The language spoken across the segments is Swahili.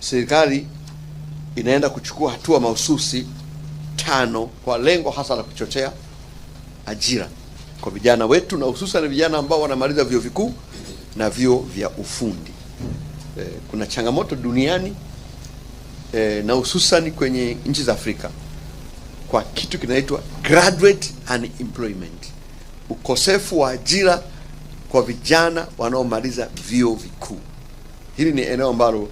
serikali inaenda kuchukua hatua mahususi tano kwa lengo hasa la kuchochea ajira kwa vijana wetu na hususan vijana ambao wanamaliza vyuo vikuu na vyuo vya ufundi. E, kuna changamoto duniani e, na hususan kwenye nchi za Afrika kwa kitu kinaitwa graduate unemployment, ukosefu wa ajira kwa vijana wanaomaliza vyuo vikuu. Hili ni eneo ambalo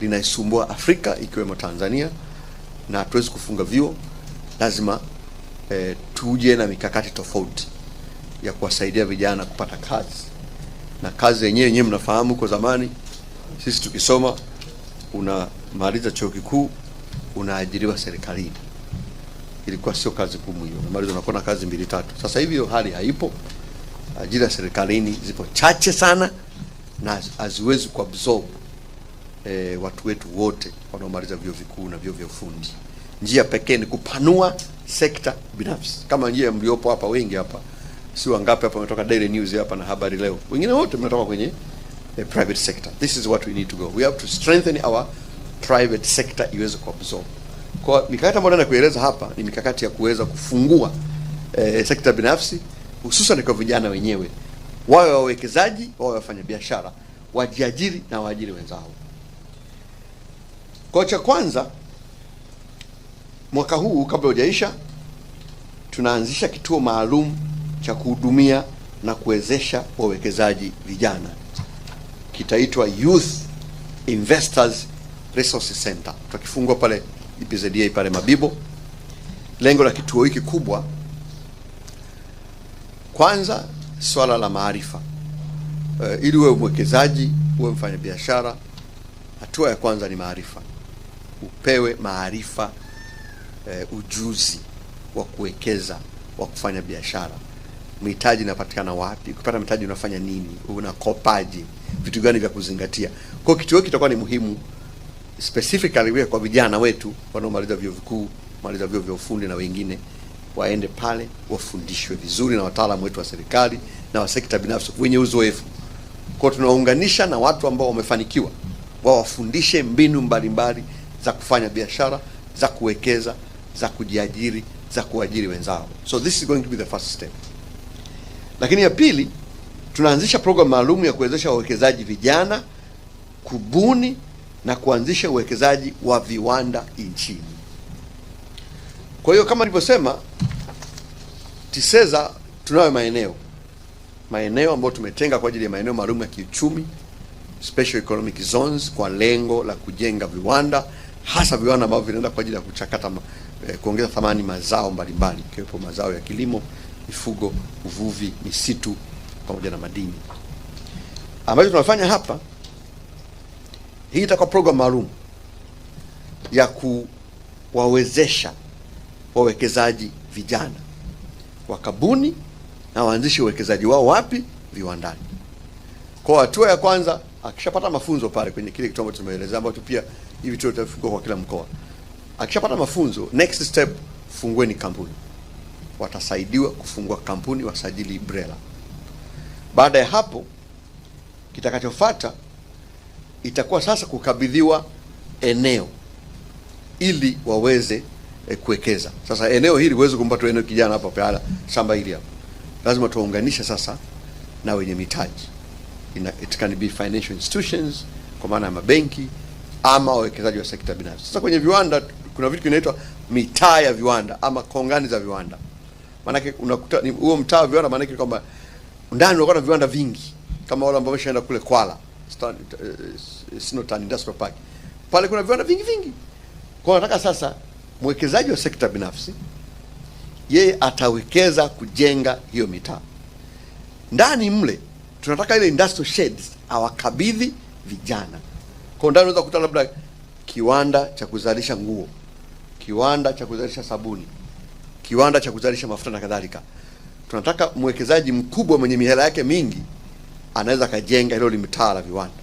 linaisumbua Afrika ikiwemo Tanzania, na hatuwezi kufunga vyuo. Lazima e, tuje na mikakati tofauti ya kuwasaidia vijana kupata kazi, na kazi yenyewe yenyewe mnafahamu, kwa zamani sisi tukisoma, unamaliza chuo kikuu unaajiriwa serikalini, ilikuwa sio kazi kumu hiyo, unamaliza unakuwa na kazi mbili tatu. Sasa hivi hiyo hali haipo, ajira serikalini zipo chache sana na haziwezi kuabsorb e, watu wetu wote wanaomaliza vyuo vikuu na vyuo vya ufundi. Njia pekee ni kupanua sekta binafsi, kama njia mliopo hapa wengi hapa, si wangapi hapa wametoka Daily News hapa na Habari Leo, wengine wote mnatoka kwenye the private sector. This is what we need to go. We have to strengthen our private sector iweze kuabsorb. Kwa mikakati ambayo na kueleza hapa ni mikakati ya kuweza kufungua eh, sekta binafsi hususan kwa vijana wenyewe, wawe wawekezaji, wawe wafanyabiashara, wajiajiri na waajiri wenzao. Kwa cha kwanza mwaka huu kabla hujaisha, tunaanzisha kituo maalum cha kuhudumia na kuwezesha wawekezaji vijana, kitaitwa Youth Investors Resource Center, tutakifungua pale EPZA pale Mabibo. Lengo la kituo hiki kubwa, kwanza swala la maarifa. Uh, ili uwe mwekezaji uwe mfanyabiashara, hatua ya kwanza ni maarifa upewe maarifa eh, ujuzi wa kuwekeza wa kufanya biashara. Mitaji inapatikana wapi? Ukipata mitaji unafanya nini? Unakopaji? Vitu gani vya kuzingatia? Kwa kitu hicho kitakuwa ni muhimu specifically kwa vijana wetu wanaomaliza vyuo vikuu, maliza vyuo vya ufundi na wengine waende pale wafundishwe vizuri na wataalamu wetu wa serikali na wa sekta binafsi wenye uzoefu. Kwa tunaunganisha na watu ambao wamefanikiwa, wawafundishe mbinu mbalimbali mbali, za kufanya biashara, za kuwekeza, za kujiajiri, za kuajiri wenzao. So this is going to be the first step. Lakini ya pili, tunaanzisha programu maalum ya kuwezesha wawekezaji vijana kubuni na kuanzisha uwekezaji wa viwanda nchini. Kwa hiyo kama nilivyosema, TISEZA tunayo maeneo maeneo ambayo tumetenga kwa ajili ya maeneo maalum ya kiuchumi, special economic zones, kwa lengo la kujenga viwanda hasa viwanda ambavyo vinaenda kwa ajili ya kuchakata eh, kuongeza thamani mazao mbalimbali ikiwepo mazao ya kilimo, mifugo, uvuvi, misitu pamoja na madini. Ambacho tunafanya hapa, hii itakuwa program maalum ya kuwawezesha wawekezaji vijana wakabuni na waanzishe uwekezaji wao wapi? Viwandani. Kwa hatua ya kwanza akishapata mafunzo pale kwenye kile kitu ambacho tumeeleza ambacho pia hivi tu tutafungua kwa kila mkoa. Akishapata mafunzo, next step fungueni kampuni. Watasaidiwa kufungua kampuni, wasajili BRELA. Baada ya hapo, kitakachofuata itakuwa sasa kukabidhiwa eneo ili waweze e, kuwekeza. Sasa eneo hili huwezi kumpa tu eneo kijana hapa pale shamba hili hapa, lazima tuwaunganishe sasa na wenye mitaji ina, it can be financial institutions kwa maana ya mabenki ama wawekezaji wa sekta binafsi. Sasa kwenye viwanda kuna vitu vinaitwa mitaa ya viwanda ama kongani za viwanda. Maanake unakuta huo mtaa wa viwanda, maanake kwamba ndani unakuwa na viwanda vingi kama wale ambao wameshaenda kule Kwala eh, eh, Sinotan Industrial Park, pale kuna viwanda vingi vingi. Kwa nataka sasa mwekezaji wa sekta binafsi yeye atawekeza kujenga hiyo mitaa ndani mle tunataka ile industrial sheds awakabidhi vijana. Kwa ndio unaweza kukuta labda kiwanda cha kuzalisha nguo, kiwanda cha kuzalisha sabuni, kiwanda cha kuzalisha mafuta na kadhalika. Tunataka mwekezaji mkubwa mwenye mihela yake mingi anaweza akajenga hilo limtaa la viwanda.